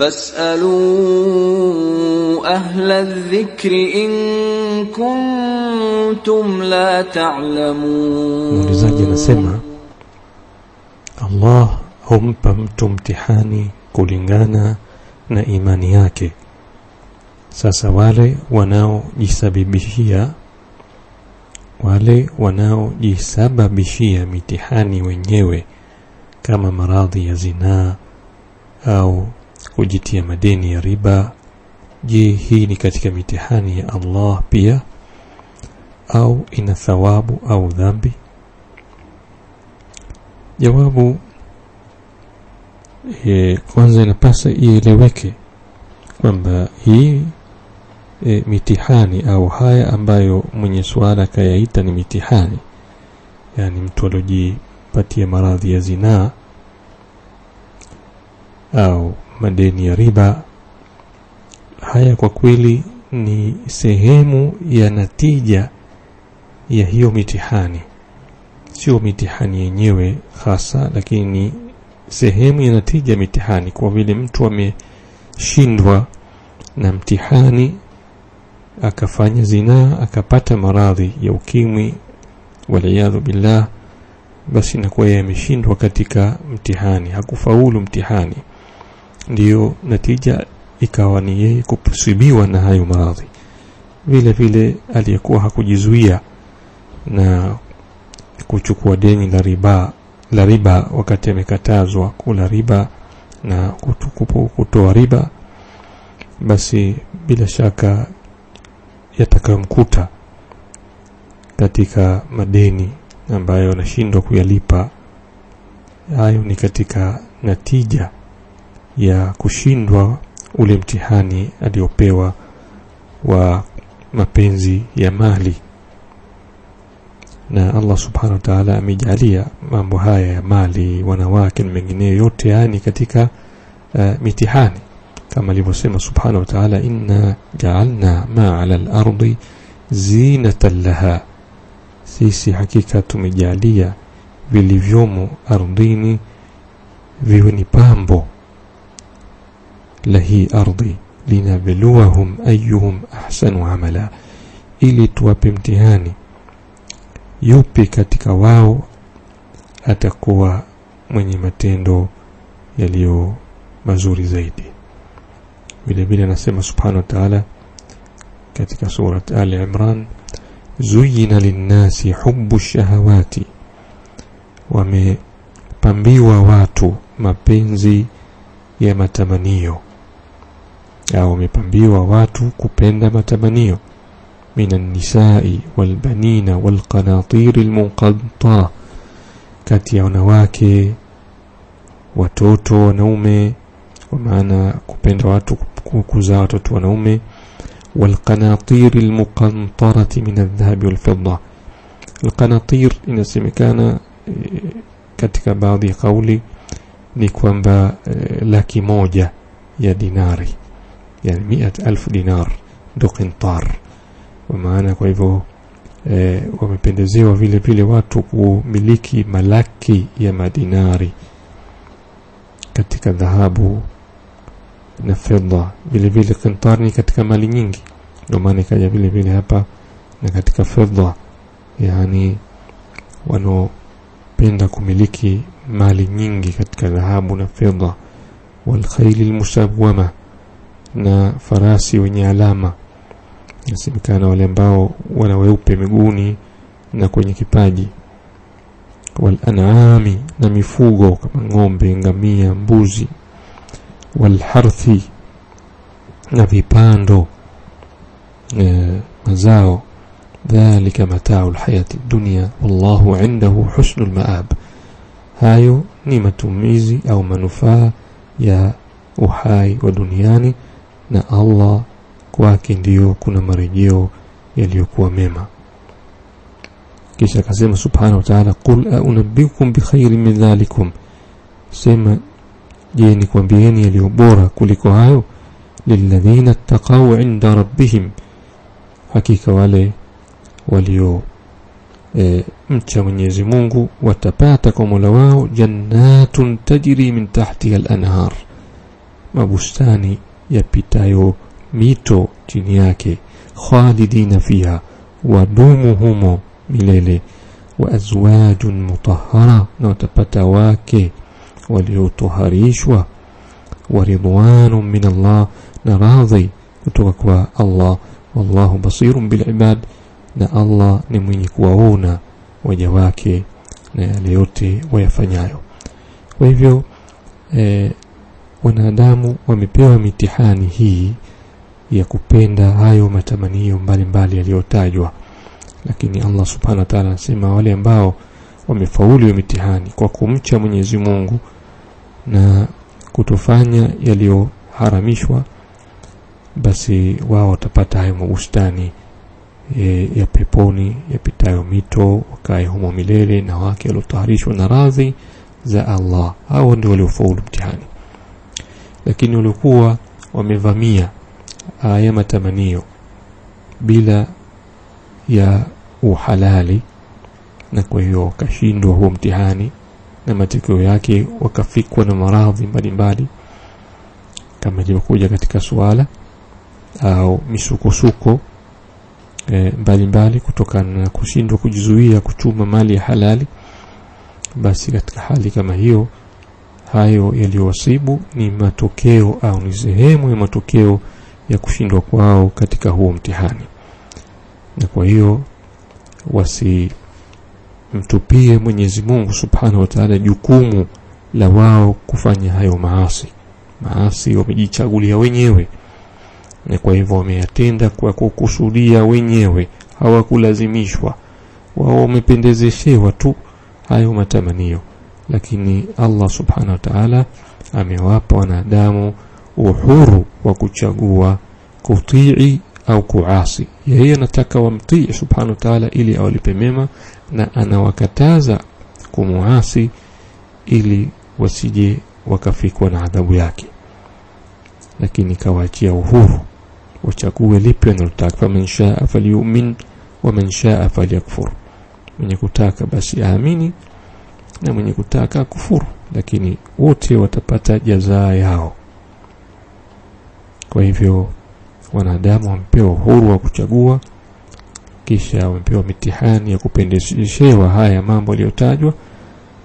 fasalu ahla dhikri in kuntum la ta'lamun. Muulizaji anasema Allah humpa mtu mtihani kulingana na imani yake. Sasa wale wanaojisababishia wale wanaojisababishia mitihani wenyewe kama maradhi ya zinaa au kujitia madeni ya riba. Je, hii ni katika mitihani ya Allah pia au ina thawabu au dhambi? Jawabu e, kwanza inapasa ieleweke kwamba hii e, mitihani au haya ambayo mwenye suala akayaita ni mitihani, yani mtu aliojipatia maradhi ya zinaa au madeni ya riba. Haya kwa kweli ni sehemu ya natija ya hiyo mitihani, sio mitihani yenyewe hasa, lakini ni sehemu ya natija ya mitihani, kwa vile mtu ameshindwa na mtihani akafanya zinaa akapata maradhi ya ukimwi waliyadhu billah, basi inakuwa yeye ameshindwa katika mtihani, hakufaulu mtihani ndiyo natija ikawa ni yeye kusibiwa na hayo maradhi vile vile aliyekuwa hakujizuia na kuchukua deni la riba la riba wakati amekatazwa kula riba na kutukupo kutoa riba basi bila shaka yatakayomkuta katika madeni ambayo anashindwa kuyalipa hayo ni katika natija ya kushindwa ule mtihani aliopewa wa mapenzi ya mali na Allah subhanahu wa ta'ala amejalia mambo haya ya mali wanawake na mengineyo yote yani katika uh, mitihani kama alivyosema subhanahu wa ta'ala inna ja'alna ma 'ala al-ardi zinatan laha sisi hakika tumejalia vilivyomo ardhini viwe ni pambo lahi ardhi linabluwahum ayuhum ahsanu amala, ili tuwape mtihani yupi katika wao atakuwa mwenye matendo yaliyo mazuri zaidi. vilevile anasema subhanahu wa ta'ala katika surat Ali Imran, zuyina linnasi hubu shahawati, wamepambiwa watu mapenzi ya matamanio au wamepambiwa watu kupenda matamanio min an-nisa'i wal-banina wal-qanatir al-munqadta kati ya wanawake watoto wanaume kwa maana kupenda watu kuzaa watoto wanaume والقناطير المقنطرة من الذهب والفضة القناطير inasemekana katika baadhi ya kauli ni kwamba laki moja ya dinari yani mia alfu dinar ndo qintar maana kwa hivyo e, wamependezewa vile vile watu kumiliki malaki ya madinari katika dhahabu na fedha vile vile qintar ni katika mali nyingi ndio maana ikaja vile vile hapa na katika fedha yani wanaopenda kumiliki mali nyingi katika dhahabu na fedha والخيل المسومه na farasi wenye alama. Inasemekana wale ambao wana weupe miguuni na kwenye kipaji. walanami na mifugo kama ng'ombe, ngamia, mbuzi. Walharthi, na vipando e, mazao. Dhalika matau lhayati dunia wallahu indahu husnu lmaab, hayo ni matumizi au manufaa ya uhai wa duniani. na Allah kwake ndiyo kuna marejeo yaliyokuwa mema kisha akasema subhanahu wa ta'ala qul aunabbiukum bikhairin min dhalikum sema je ni kwambieni yaliyo bora kuliko hayo lilladhina ttaqaw inda rabbihim hakika wale walio e, mcha Mwenyezi Mungu watapata kwa Mola wao jannatun tajri min tahtiha al-anhar mabustani yapitayo mito chini yake khalidina fiha wadumu humo milele mutahara na watapata wake waliotoharishwa wa ridwanu min Allah na radhi kutoka kwa Allah wallahu basirun bil ibad na Allah ni mwenye kuwaona waja wake na yale yote wayafanyayo kwa hivyo eh, wanadamu wamepewa mitihani hii ya kupenda hayo matamanio mbalimbali yaliyotajwa, lakini Allah subhanahu wa ta'ala anasema wale ambao wamefaulu hiyo mitihani kwa kumcha Mwenyezi Mungu na kutofanya yaliyoharamishwa, basi wao watapata hayo mabustani e, ya peponi yapitayo mito, wakae humo milele na wake waliotaharishwa na radhi za Allah. Hao ndio waliofaulu mtihani lakini walikuwa wamevamia ah, haya matamanio bila ya uhalali na kwa hiyo wakashindwa huo mtihani na matokeo yake wakafikwa na maradhi mbalimbali kama ilivyokuja katika suala au misukosuko e, mbalimbali kutokana na kushindwa kujizuia kuchuma mali ya halali basi katika hali kama hiyo hayo yaliyowasibu ni matokeo au ni sehemu ya matokeo ya kushindwa kwao katika huo mtihani, na kwa hiyo wasimtupie Mwenyezi Mungu Subhanahu wa Ta'ala jukumu la wao kufanya hayo maasi. Maasi wamejichagulia wenyewe, na kwa hivyo wameyatenda kwa kukusudia wenyewe, hawakulazimishwa. Wao wamependezeshewa tu hayo matamanio lakini Allah subhanahu wa ta'ala amewapa wanadamu uhuru wa kuchagua kutii au kuasi. Yeye anataka wamtii subhanahu wa ta'ala ili awalipe mema na anawakataza kumuasi ili wasije wakafikwa na adhabu yake, lakini kawaachia uhuru wachague lipi analotaka. Faman shaa wa man shaa falyakfur, mwenye kutaka basi aamini na mwenye kutaka kufuru, lakini wote watapata jazaa yao. Kwa hivyo wanadamu wamepewa uhuru wa kuchagua, kisha wamepewa mitihani ya kupendeshewa haya mambo yaliyotajwa.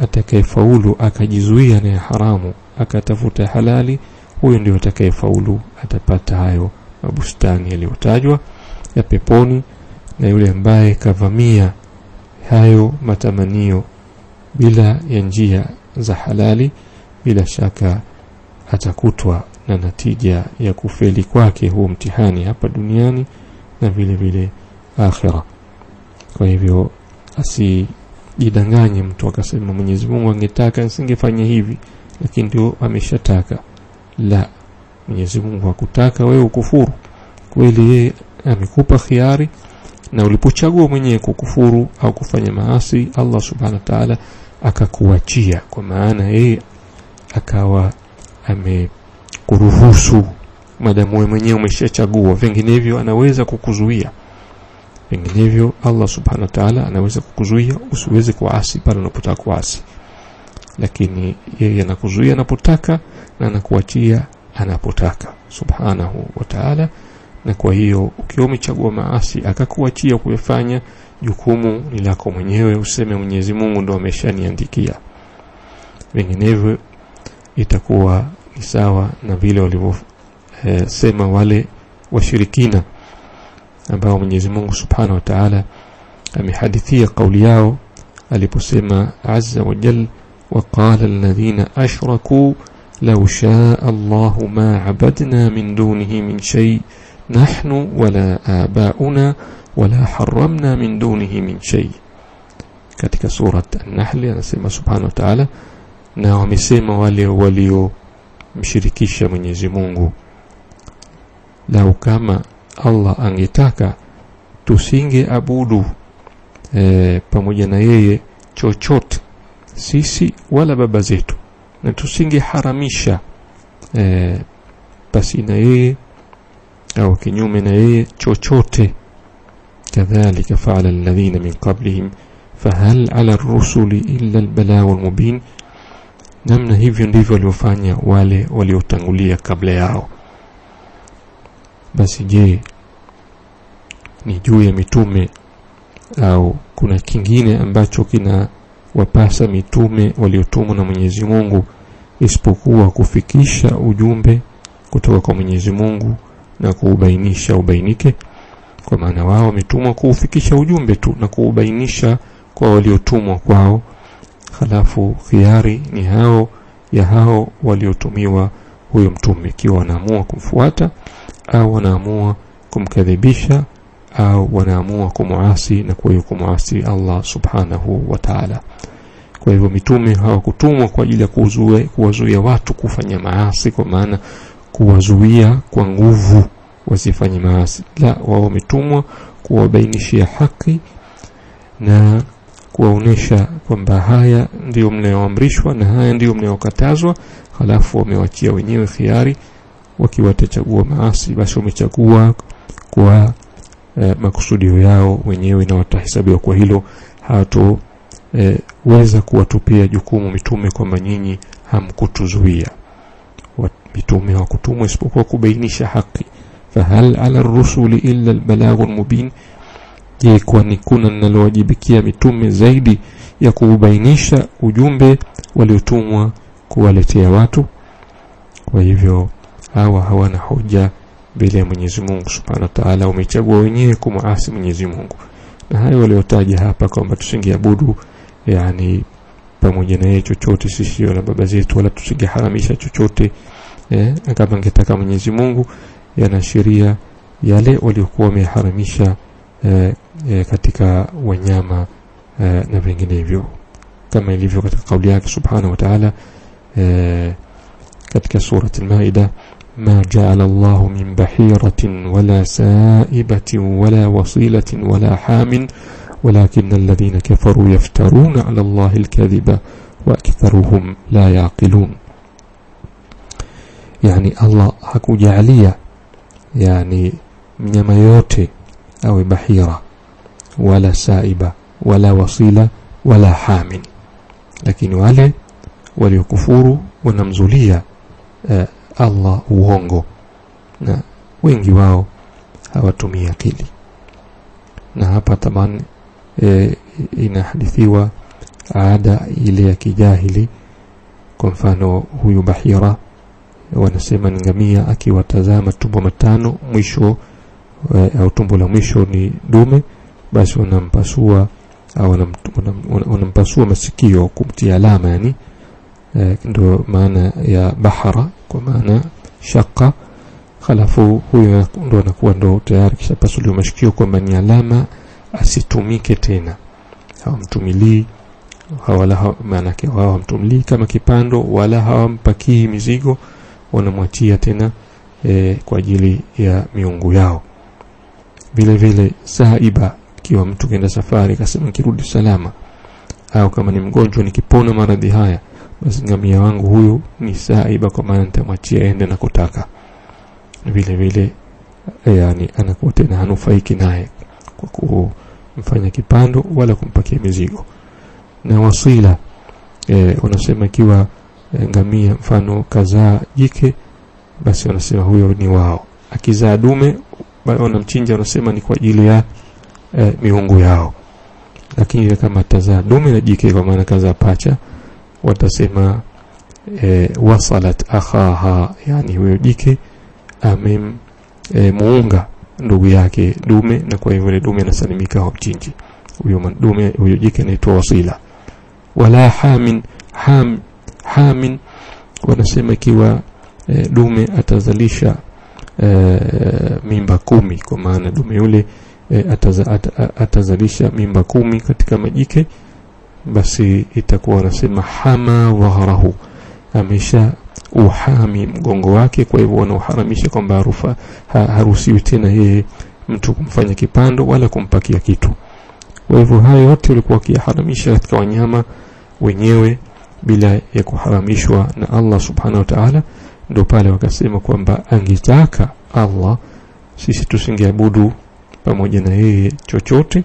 Atakayefaulu akajizuia na haramu akatafuta halali, huyo ndio atakayefaulu, atapata hayo mabustani yaliyotajwa ya peponi, na yule ambaye kavamia hayo matamanio bila ya njia za halali, bila shaka atakutwa na natija ya kufeli kwake huo mtihani hapa duniani na vile vile akhira. Kwa hivyo asijidanganye mtu akasema, Mwenyezi Mungu angetaka nisingefanya hivi, lakini ndio ameshataka. La, Mwenyezi Mungu hakutaka wewe ukufuru, kweli yeye amekupa khiari na ulipochagua mwenyewe kukufuru au kufanya maasi Allah subhanahu wa ta'ala akakuachia kwa maana yeye akawa amekuruhusu madamu wewe mwenyewe umeshachagua vinginevyo anaweza kukuzuia vinginevyo Allah subhanahu wa ta'ala anaweza kukuzuia usiweze kuasi pale unapotaka kuasi lakini yeye anakuzuia anapotaka na anakuachia anapotaka subhanahu wa ta'ala na kwa hiyo ukiwa umechagua maasi akakuachia kuyafanya jukumu ni lako mwenyewe useme Mwenyezi Mungu ndo ameshaniandikia vinginevyo itakuwa ni sawa na vile walivyosema eh, e, wale washirikina ambao Mwenyezi Mungu Subhanahu wa Ta'ala amehadithia kauli yao aliposema azza wa waqala ladhina ashrakuu أشركوا لو شاء الله ما min من دونه من نحن wala abauna wala harramna min dunihi min shay katika surat an-nahl anasema subhanahu wa ta'ala na wamesema wale waliomshirikisha Mwenyezi Mungu lau kama Allah angetaka tusingeabudu e, pamoja na yeye chochote sisi wala baba zetu na tusingeharamisha e, pasi na yeye au kinyume na yeye chochote kadhalika faala alladhina min qablihim fahal ala rusuli illa albalagu almubin namna hivyo ndivyo waliofanya wale waliotangulia kabla yao basi je ni juu ya mitume au kuna kingine ambacho kina wapasa mitume waliotumwa na Mwenyezi Mungu isipokuwa kufikisha ujumbe kutoka kwa Mwenyezi Mungu na kuubainisha ubainike, kwa maana wao wametumwa kuufikisha ujumbe tu na kuubainisha kwa waliotumwa kwao. Halafu khiari ni hao ya hao waliotumiwa huyo mtume, ikiwa wanaamua kumfuata au wanaamua kumkadhibisha au wanaamua kumuasi na kwa hiyo kumuasi Allah subhanahu wa ta'ala. Kwa hivyo mitume hawakutumwa kwa ajili ya kuwazuia watu kufanya maasi, kwa maana kuwazuia kwa nguvu wasifanye maasi, la wao wametumwa kuwabainishia haki na kuwaonesha kwamba haya ndiyo mnayoamrishwa na haya ndiyo mnayokatazwa, halafu wamewachia wenyewe khiari. wakiwatachagua maasi, basi wamechagua kwa eh, makusudio yao wenyewe na watahesabiwa kwa hilo. Hatoweza eh, kuwatupia jukumu mitume kwamba nyinyi hamkutuzuia mitume kutumwa isipokuwa kubainisha haki fahal ala rusuli illa albalagh almubin je kwani kuna ninalowajibikia mitume zaidi ya kubainisha ujumbe waliotumwa kuwaletea watu kwa hivyo hawa hawana hoja bila Mwenyezi Mungu Subhanahu wa Ta'ala umechagua wenyewe kumaasi Mwenyezi Mungu na hayo waliotaja hapa kwamba tusingeabudu yani pamoja na yeye chochote sisio na baba zetu wala tusingeharamisha chochote eh, kama angetaka Mwenyezi Mungu yanaashiria yale waliokuwa wameharamisha eh, eh, katika wanyama eh, na vinginevyo kama ilivyo katika kauli yake subhanahu wa ta'ala eh, katika sura al-Maida ما جعل الله من بحيرة ولا سائبة ولا وصيلة ولا حام ولكن الذين كفروا يفترون على الله الكذب وأكثرهم لا يعقلون yani Allah hakujalia yani mnyama yote awe bahira wala saiba wala wasila wala hamin lakini wale waliokufuru wanamzulia eh, Allah uongo na wengi wao hawatumii akili na hapa taban e, eh, inahadithiwa ada ile ya kijahili kwa mfano huyu bahira wanasema ni ngamia akiwatazama tumbo matano mwisho eh, au tumbo la mwisho ni dume, basi wanampasua au wanampasua masikio kumtia alama yani eh, ndio maana ya bahara kwa maana shaka. Halafu huyo ndo anakuwa ndo tayari kisha pasuliwa mashikio kwamba ni alama asitumike tena, hawamtumilii wala maanake hawamtumilii kama kipando wala hawampakii mizigo wanamwachia tena e, kwa ajili ya miungu yao. Vile vile saiba, ikiwa mtu kenda safari kasema kirudi salama, au kama ni mgonjwa nikipona maradhi haya, basi ngamia wangu huyu ni saiba, kwa maana nitamwachia ende kutaka Vile vile e, yani anakuwa tena hanufaiki naye kwa kumfanya kipando wala kumpakia mizigo na wasila. E, unasema ikiwa Eh, ngamia mfano kazaa jike basi wanasema huyo ni wao akizaa dume wanamchinja wanasema ni kwa ajili ya e, miungu yao lakini kama tazaa dume na jike kwa maana kazaa pacha watasema e, wasalat akhaha yani huyo jike amem e, muunga ndugu yake dume na kwa hivyo ile dume anasalimika kwa mchinji huyo dume huyo jike anaitwa wasila wala hamin ham hamin, wanasema ikiwa e, dume atazalisha e, mimba kumi, kwa maana dume yule e, ataza, at, atazalisha mimba kumi katika majike, basi itakuwa wanasema hama dhahrahu, amesha uhami mgongo wake. Kwa hivyo wanauharamisha kwamba ha, haruhusiwi tena yeye mtu kumfanya kipando wala kumpakia kitu. Kwa hivyo hayo yote walikuwa wakiyaharamisha katika wanyama wenyewe bila ya kuharamishwa na Allah subhanahu wa ta'ala. Ndio pale wakasema kwamba angetaka Allah sisi tusingeabudu pamoja na yeye chochote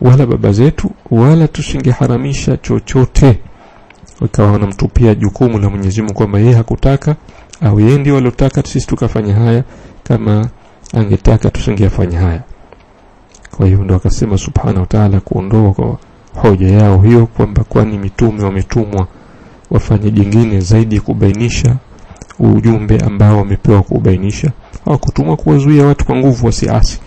wala baba zetu wala tusingeharamisha chochote, wakawa wanamtupia jukumu la Mwenyezi Mungu kwamba yeye hakutaka au yeye ndio aliyotaka sisi tukafanya haya, kama angetaka tusingeyafanya haya. Kwa hiyo ndo akasema subhanahu wa ta'ala kuondoa kwa hoja yao hiyo kwamba kwani mitume wametumwa wafanye jingine zaidi kubainisha ujumbe ambao wamepewa kubainisha hawakutumwa kuwazuia watu kwa nguvu wasiasi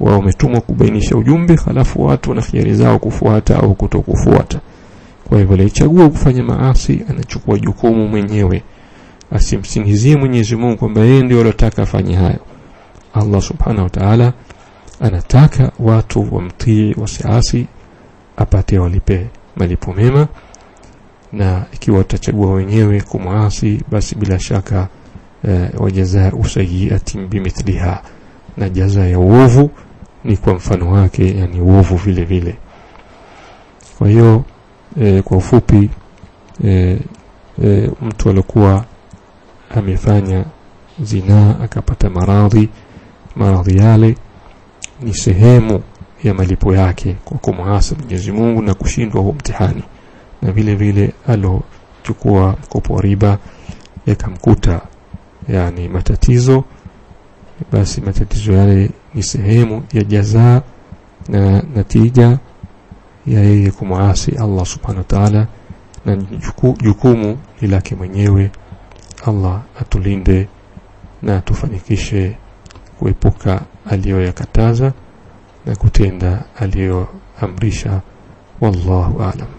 wao wametumwa kubainisha ujumbe halafu watu wana hiari zao kufuata au kutokufuata kwa hivyo alichagua kufanya maasi anachukua jukumu mwenyewe asimsingizie Mwenyezi Mungu kwamba yeye ndiye aliyotaka afanye hayo Allah subhanahu wa ta'ala anataka watu wamtii wasiasi apate walipe malipo mema na ikiwa watachagua wenyewe kumwasi basi bila shaka e, wajazaa usayiati bimithliha na jaza ya uovu ni kwa mfano wake yani uovu vile vile kwa hiyo e, kwa ufupi e, e, mtu alikuwa amefanya zinaa akapata maradhi maradhi yale ni sehemu ya malipo yake kwa kumwasi Mwenyezi Mungu na kushindwa huo mtihani na vile vile alochukua mkopo wa riba yakamkuta yani matatizo basi matatizo yale ni sehemu ya jazaa na natija ya yeye kumwasi Allah subhanahu wa ta'ala na jukumu ni lake mwenyewe Allah atulinde na tufanikishe kuepuka aliyoyakataza na kutenda aliyoamrisha wallahu aalam